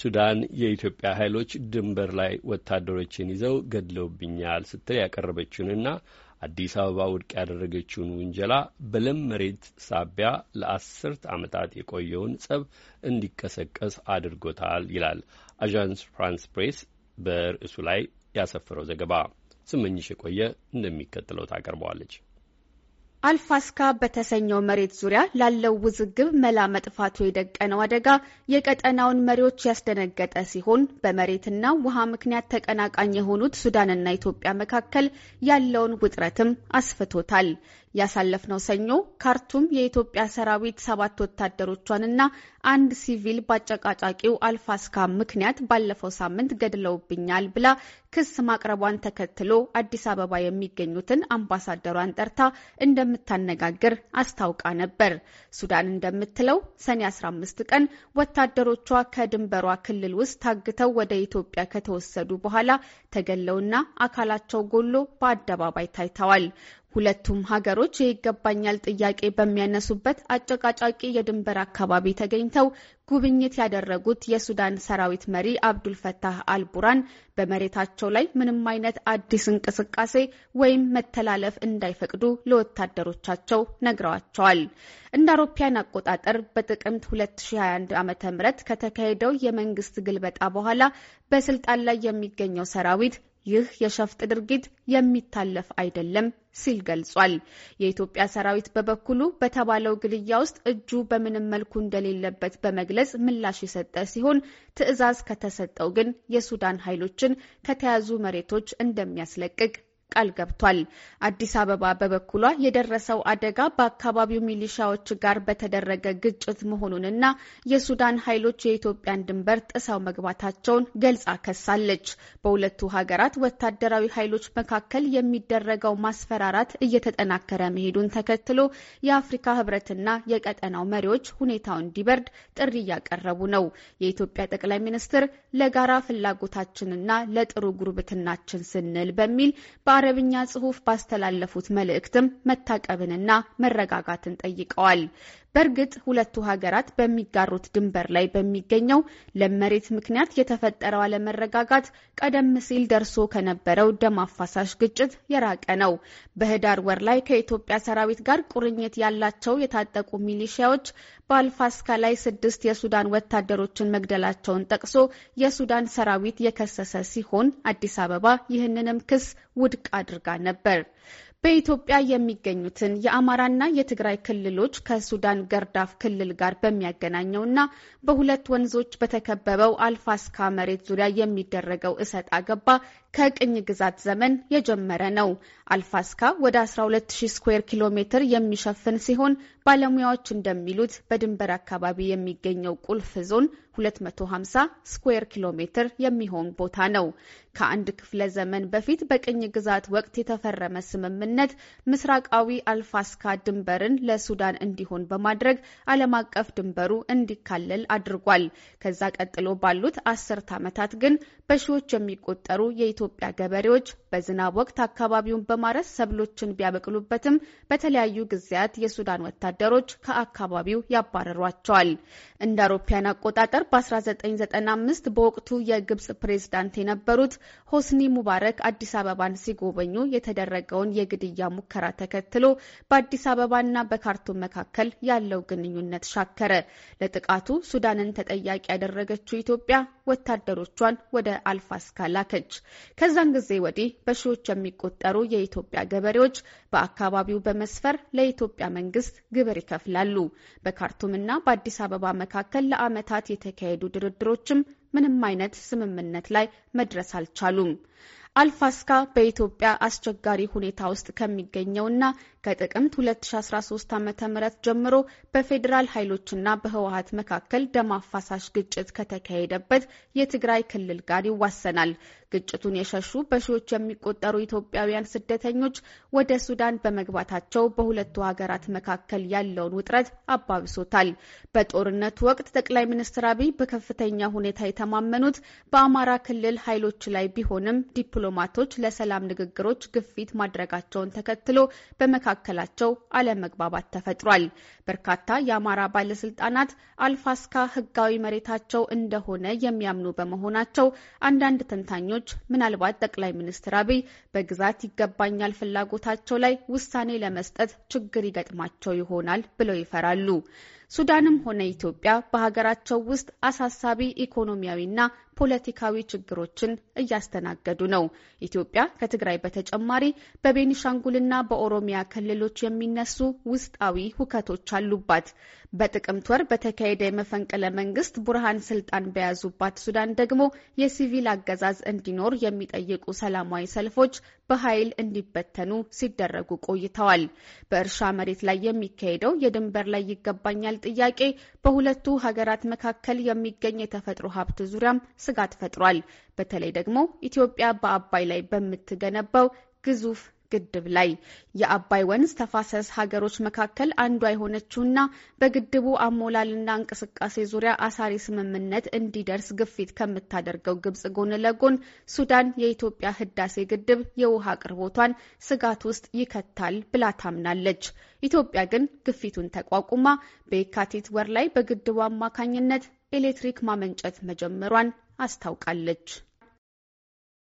ሱዳን የኢትዮጵያ ኃይሎች ድንበር ላይ ወታደሮችን ይዘው ገድለውብኛል ስትል ያቀረበችውንና አዲስ አበባ ውድቅ ያደረገችውን ውንጀላ በለም መሬት ሳቢያ ለአስርት ዓመታት የቆየውን ጸብ እንዲቀሰቀስ አድርጎታል ይላል አዣንስ ፍራንስ ፕሬስ በርዕሱ ላይ ያሰፈረው ዘገባ። ስመኝሽ የቆየ እንደሚከተለው ታቀርበዋለች። አልፋስካ በተሰኘው መሬት ዙሪያ ላለው ውዝግብ መላ መጥፋቱ የደቀነው አደጋ የቀጠናውን መሪዎች ያስደነገጠ ሲሆን በመሬትና ውሃ ምክንያት ተቀናቃኝ የሆኑት ሱዳንና ኢትዮጵያ መካከል ያለውን ውጥረትም አስፍቶታል። ያሳለፍነው ሰኞ ካርቱም የኢትዮጵያ ሰራዊት ሰባት ወታደሮቿንና አንድ ሲቪል በአጨቃጫቂው አልፋስካ ምክንያት ባለፈው ሳምንት ገድለውብኛል ብላ ክስ ማቅረቧን ተከትሎ አዲስ አበባ የሚገኙትን አምባሳደሯን ጠርታ እንደምታነጋግር አስታውቃ ነበር። ሱዳን እንደምትለው ሰኔ 15 ቀን ወታደሮቿ ከድንበሯ ክልል ውስጥ ታግተው ወደ ኢትዮጵያ ከተወሰዱ በኋላ ተገለውና አካላቸው ጎሎ በአደባባይ ታይተዋል። ሁለቱም ሀገሮች የይገባኛል ጥያቄ በሚያነሱበት አጨቃጫቂ የድንበር አካባቢ ተገኝተው ጉብኝት ያደረጉት የሱዳን ሰራዊት መሪ አብዱልፈታህ አልቡራን በመሬታቸው ላይ ምንም አይነት አዲስ እንቅስቃሴ ወይም መተላለፍ እንዳይፈቅዱ ለወታደሮቻቸው ነግረዋቸዋል። እንደ አውሮፓያን አቆጣጠር በጥቅምት 2021 ዓ ም ከተካሄደው የመንግስት ግልበጣ በኋላ በስልጣን ላይ የሚገኘው ሰራዊት ይህ የሸፍጥ ድርጊት የሚታለፍ አይደለም ሲል ገልጿል። የኢትዮጵያ ሰራዊት በበኩሉ በተባለው ግድያ ውስጥ እጁ በምንም መልኩ እንደሌለበት በመግለጽ ምላሽ የሰጠ ሲሆን ትዕዛዝ ከተሰጠው ግን የሱዳን ኃይሎችን ከተያዙ መሬቶች እንደሚያስለቅቅ ቃል ገብቷል። አዲስ አበባ በበኩሏ የደረሰው አደጋ በአካባቢው ሚሊሻዎች ጋር በተደረገ ግጭት መሆኑንና የሱዳን ኃይሎች የኢትዮጵያን ድንበር ጥሰው መግባታቸውን ገልጻ ከሳለች። በሁለቱ ሀገራት ወታደራዊ ኃይሎች መካከል የሚደረገው ማስፈራራት እየተጠናከረ መሄዱን ተከትሎ የአፍሪካ ህብረትና የቀጠናው መሪዎች ሁኔታው እንዲበርድ ጥሪ እያቀረቡ ነው። የኢትዮጵያ ጠቅላይ ሚኒስትር ለጋራ ፍላጎታችንና ለጥሩ ጉርብትናችን ስንል በሚል በ በአረብኛ ጽሑፍ ባስተላለፉት መልእክትም መታቀብንና መረጋጋትን ጠይቀዋል። በእርግጥ ሁለቱ ሀገራት በሚጋሩት ድንበር ላይ በሚገኘው ለመሬት ምክንያት የተፈጠረው አለመረጋጋት ቀደም ሲል ደርሶ ከነበረው ደም አፋሳሽ ግጭት የራቀ ነው። በህዳር ወር ላይ ከኢትዮጵያ ሰራዊት ጋር ቁርኝት ያላቸው የታጠቁ ሚሊሺያዎች በአልፋስካ ላይ ስድስት የሱዳን ወታደሮችን መግደላቸውን ጠቅሶ የሱዳን ሰራዊት የከሰሰ ሲሆን አዲስ አበባ ይህንንም ክስ ውድቅ አድርጋ ነበር። በኢትዮጵያ የሚገኙትን የአማራና የትግራይ ክልሎች ከሱዳን ገርዳፍ ክልል ጋር በሚያገናኘውና በሁለት ወንዞች በተከበበው አልፋስካ መሬት ዙሪያ የሚደረገው እሰጥ አገባ ከቅኝ ግዛት ዘመን የጀመረ ነው። አልፋስካ ወደ 120 ስኩዌር ኪሎ ሜትር የሚሸፍን ሲሆን ባለሙያዎች እንደሚሉት በድንበር አካባቢ የሚገኘው ቁልፍ ዞን 250 ስኩዌር ኪሎ ሜትር የሚሆን ቦታ ነው። ከአንድ ክፍለ ዘመን በፊት በቅኝ ግዛት ወቅት የተፈረመ ስምምነት ምስራቃዊ አልፋስካ ድንበርን ለሱዳን እንዲሆን በማድረግ ዓለም አቀፍ ድንበሩ እንዲካለል አድርጓል። ከዛ ቀጥሎ ባሉት አስርት ዓመታት ግን በሺዎች የሚቆጠሩ የኢትዮጵያ ገበሬዎች በዝናብ ወቅት አካባቢውን በማረስ ሰብሎችን ቢያበቅሉበትም በተለያዩ ጊዜያት የሱዳን ወታደሮች ከአካባቢው ያባረሯቸዋል። እንደ አውሮፓውያን አቆጣጠር በ1995 በወቅቱ የግብጽ ፕሬዝዳንት የነበሩት ሆስኒ ሙባረክ አዲስ አበባን ሲጎበኙ የተደረገውን የግድያ ሙከራ ተከትሎ በአዲስ አበባና በካርቱም መካከል ያለው ግንኙነት ሻከረ። ለጥቃቱ ሱዳንን ተጠያቂ ያደረገችው ኢትዮጵያ ወታደሮቿን ወደ አልፋስካ ላከች። ከዛን ጊዜ ወዲህ በሺዎች የሚቆጠሩ የኢትዮጵያ ገበሬዎች በአካባቢው በመስፈር ለኢትዮጵያ መንግስት ግብር ይከፍላሉ። በካርቱምና በአዲስ አበባ መካከል ለአመታት የተካሄዱ ድርድሮችም ምንም አይነት ስምምነት ላይ መድረስ አልቻሉም። አልፋስካ በኢትዮጵያ አስቸጋሪ ሁኔታ ውስጥ ከሚገኘውና ከጥቅምት 2013 ዓ ም ጀምሮ በፌዴራል ኃይሎችና በህወሀት መካከል ደም አፋሳሽ ግጭት ከተካሄደበት የትግራይ ክልል ጋር ይዋሰናል። ግጭቱን የሸሹ በሺዎች የሚቆጠሩ ኢትዮጵያውያን ስደተኞች ወደ ሱዳን በመግባታቸው በሁለቱ ሀገራት መካከል ያለውን ውጥረት አባብሶታል። በጦርነቱ ወቅት ጠቅላይ ሚኒስትር አብይ በከፍተኛ ሁኔታ የተማመኑት በአማራ ክልል ኃይሎች ላይ ቢሆንም ዲፕሎማቶች ለሰላም ንግግሮች ግፊት ማድረጋቸውን ተከትሎ በመካከላቸው አለመግባባት ተፈጥሯል። በርካታ የአማራ ባለስልጣናት አልፋስካ ህጋዊ መሬታቸው እንደሆነ የሚያምኑ በመሆናቸው አንዳንድ ተንታኞች ወገኖች ምናልባት ጠቅላይ ሚኒስትር አብይ በግዛት ይገባኛል ፍላጎታቸው ላይ ውሳኔ ለመስጠት ችግር ይገጥማቸው ይሆናል ብለው ይፈራሉ። ሱዳንም ሆነ ኢትዮጵያ በሀገራቸው ውስጥ አሳሳቢ ኢኮኖሚያዊና ፖለቲካዊ ችግሮችን እያስተናገዱ ነው። ኢትዮጵያ ከትግራይ በተጨማሪ በቤኒሻንጉልና በኦሮሚያ ክልሎች የሚነሱ ውስጣዊ ሁከቶች አሉባት። በጥቅምት ወር በተካሄደ የመፈንቅለ መንግስት ቡርሃን ስልጣን በያዙባት ሱዳን ደግሞ የሲቪል አገዛዝ እንዲኖር የሚጠይቁ ሰላማዊ ሰልፎች በኃይል እንዲበተኑ ሲደረጉ ቆይተዋል። በእርሻ መሬት ላይ የሚካሄደው የድንበር ላይ ይገባኛል ጥያቄ በሁለቱ ሀገራት መካከል የሚገኝ የተፈጥሮ ሀብት ዙሪያም ስጋት ፈጥሯል። በተለይ ደግሞ ኢትዮጵያ በአባይ ላይ በምትገነባው ግዙፍ ግድብ ላይ የአባይ ወንዝ ተፋሰስ ሀገሮች መካከል አንዷ የሆነችውና በግድቡ አሞላልና እንቅስቃሴ ዙሪያ አሳሪ ስምምነት እንዲደርስ ግፊት ከምታደርገው ግብጽ ጎን ለጎን ሱዳን የኢትዮጵያ ህዳሴ ግድብ የውሃ አቅርቦቷን ስጋት ውስጥ ይከታል ብላ ታምናለች። ኢትዮጵያ ግን ግፊቱን ተቋቁማ በየካቲት ወር ላይ በግድቡ አማካኝነት ኤሌክትሪክ ማመንጨት መጀመሯን አስታውቃለች።